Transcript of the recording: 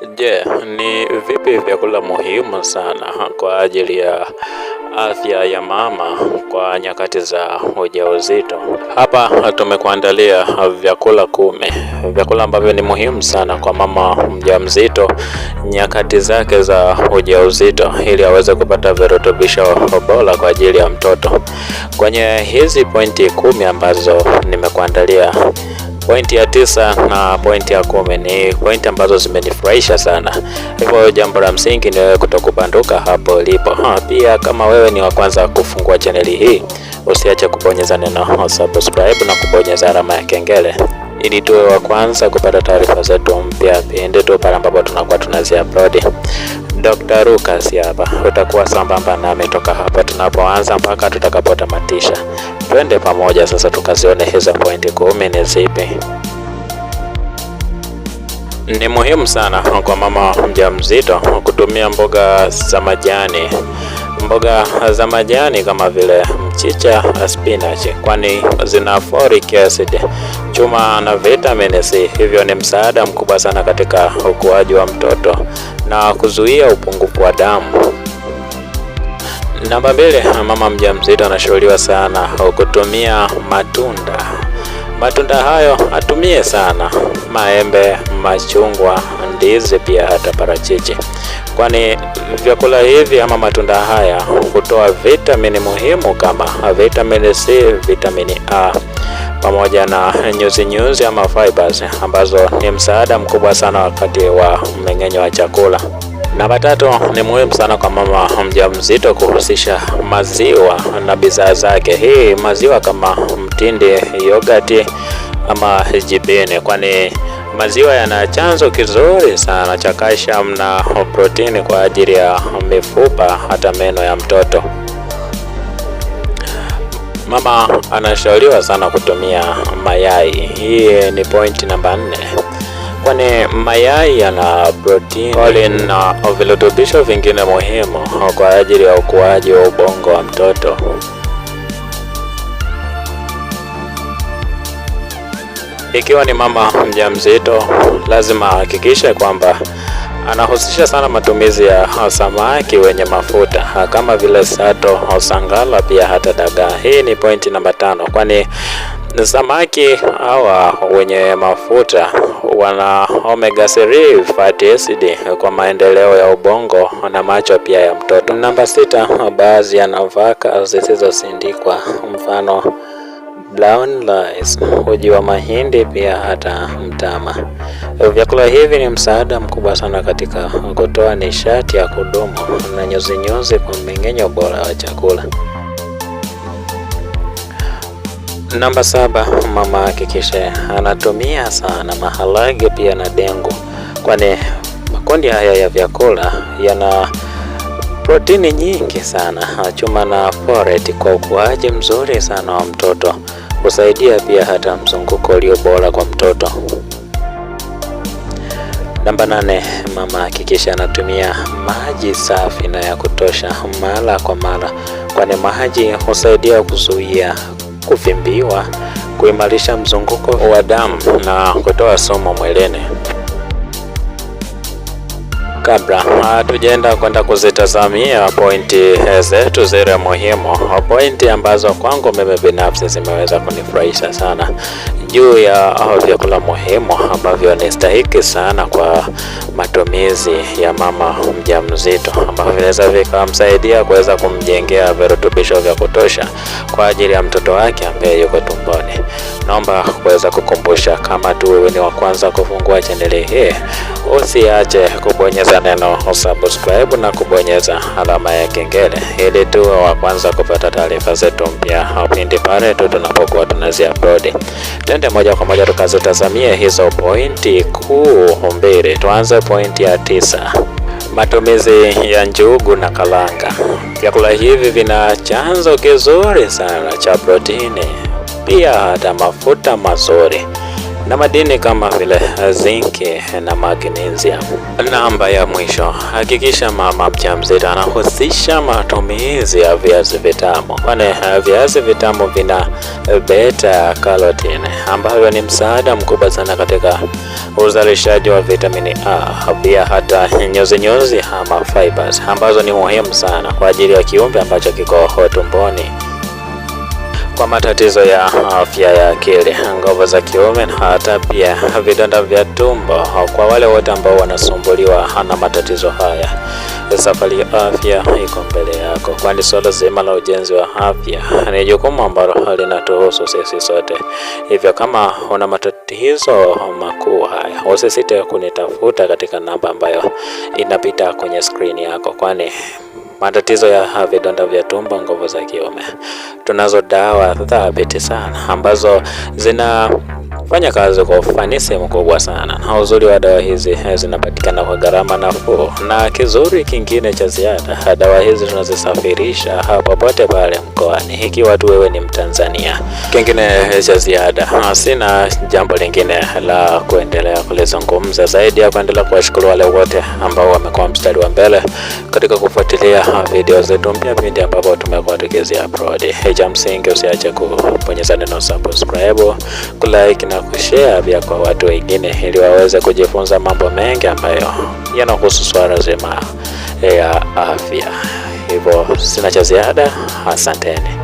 Je, ni vipi vyakula muhimu sana kwa ajili ya afya ya mama kwa nyakati za ujauzito? Hapa tumekuandalia vyakula kumi, vyakula ambavyo ni muhimu sana kwa mama mjamzito nyakati zake za ujauzito, ili aweze kupata virutubisho bora kwa ajili ya mtoto. Kwenye hizi pointi kumi ambazo nimekuandalia pointi ya tisa na pointi ya kumi ni pointi ambazo zimenifurahisha sana. Hivyo jambo la msingi ni wewe kutokubanduka hapo ulipo. Ha, pia kama wewe ni wa kwanza kufungua chaneli hii, usiache kubonyeza neno subscribe na kubonyeza alama ya kengele ili tuwe wa kwanza kupata taarifa zetu mpya pindi tu pale ambapo tunakuwa tunazi upload. Dr. Lucas hapa, utakuwa sambamba nami toka hapa tunapoanza mpaka tutakapotamatisha. Twende pamoja sasa tukazione hizo pointi kumi ni zipi. Ni muhimu sana kwa mama mjamzito kutumia mboga za majani mboga za majani kama vile mchicha, spinach kwani zina folic acid, chuma na vitamin C, hivyo ni msaada mkubwa sana katika ukuaji wa mtoto na kuzuia upungufu wa damu. Namba mbili, mama mjamzito anashauriwa sana kutumia matunda. Matunda hayo atumie sana maembe, machungwa, ndizi, pia hata parachichi, kwani vyakula hivi ama matunda haya hutoa vitamini muhimu kama vitamini C, vitamini A pamoja na nyuzi nyuzi ama fibers ambazo ni msaada mkubwa sana wakati wa mmeng'enyo wa chakula. Namba tatu ni muhimu sana kwa mama mjamzito kuhusisha maziwa na bidhaa zake. Hii maziwa kama mtindi, yogati ama jibini, kwani maziwa yana chanzo kizuri sana cha calcium na protini kwa ajili ya mifupa hata meno ya mtoto. Mama anashauriwa sana kutumia mayai. Hii ni point namba nne, kwani mayai yana protini, kolini na virutubisho vingine muhimu kwa ajili ya ukuaji wa ubongo wa mtoto. Ikiwa ni mama mjamzito, lazima ahakikishe kwamba Anahusisha sana matumizi ya samaki wenye mafuta kama vile sato osangala sangala, pia hata dagaa. Hii ni pointi namba tano, kwani samaki hawa wenye mafuta wana omega 3 fatty acid kwa maendeleo ya ubongo na macho pia ya mtoto. Namba sita, baadhi ya nafaka zisizosindikwa mfano brown rice, uji wa mahindi, pia hata mtama. Vyakula hivi ni msaada mkubwa sana katika kutoa nishati ya kudumu na nyuzinyuzi kwa mmeng'enyo bora wa chakula. Namba saba, mama hakikishe anatumia sana maharage pia na dengu, kwani makundi haya ya vyakula yana protini nyingi sana, chuma na folate kwa ukuaji mzuri sana wa mtoto. Husaidia pia hata mzunguko ulio bora kwa mtoto. Namba nane, mama hakikisha anatumia maji safi na ya kutosha mara kwa mara, kwani maji husaidia kuzuia kuvimbiwa, kuimarisha mzunguko wa damu na kutoa sumu mwilini. Kabla hatujaenda uh, kwenda kuzitazamia pointi eh, zetu zile muhimu, pointi ambazo kwangu mimi binafsi zimeweza kunifurahisha sana juu ya au vyakula muhimu ambavyo ni stahiki sana kwa matumizi ya mama mjamzito, ambavyo vinaweza vikamsaidia kuweza kumjengea virutubisho vya kutosha kwa ajili ya mtoto wake ambaye yuko tumboni. Naomba kuweza kukumbusha, kama tu wewe ni wa kwanza kufungua chaneli hii, usiache kubonyeza neno subscribe na kubonyeza alama ya kengele ili tuwe wa kwanza kupata taarifa zetu mpya pindi pale tu tunapokuwa upload. Twende moja kwa moja tukazitazamia hizo pointi kuu mbili. Tuanze pointi ya tisa, matumizi ya njugu na kalanga. Vyakula hivi vina chanzo kizuri sana cha protini, pia hata mafuta mazuri na madini kama vile eh, zinki eh, na magnesium. Namba ya mwisho, hakikisha mama mjamzito anahusisha matumizi ya viazi vitamu, kwani eh, viazi vitamu vina beta carotene ambayo ni msaada mkubwa sana katika uzalishaji wa vitamini A, pia hata nyuzi nyuzi ama fibers ambazo ni muhimu sana kwa ajili ya kiumbe ambacho kiko tumboni kwa matatizo ya afya ya akili, nguvu za kiume na hata pia vidonda vya tumbo kwa wale wote ambao wanasumbuliwa na matatizo haya. Safari ya afya iko mbele yako, kwani swala zima la ujenzi wa afya ni jukumu ambalo linatuhusu sisi sote. Hivyo kama una matatizo makuu haya, usisite kunitafuta katika namba ambayo inapita kwenye skrini yako, kwani matatizo ya vidonda vya tumbo, nguvu za kiume. Tunazo dawa thabiti sana ambazo zina Fanya kazi kwa ufanisi mkubwa sana, na uzuri wa dawa hizi eh, zinapatikana kwa gharama nafuu. Na kizuri kingine cha ziada, dawa hizi tunazisafirisha popote pale mkoani, ikiwa tu wewe ni Mtanzania. Kingine eh, cha ziada, ah, sina jambo lingine la kuendelea kulizungumza zaidi ya kuendelea kuwashukuru wale wote ambao wamekuwa mstari wa mbele katika kufuatilia ah, video zetu mpya pindi ambapo tumekuwa tukizia upload. Eh, cha msingi usiache kubonyeza neno subscribe, kulike na kushare pia kwa watu wengine, ili waweze kujifunza mambo mengi ambayo yanahusu swala zima ya afya. Hivyo sina cha ziada, asanteni.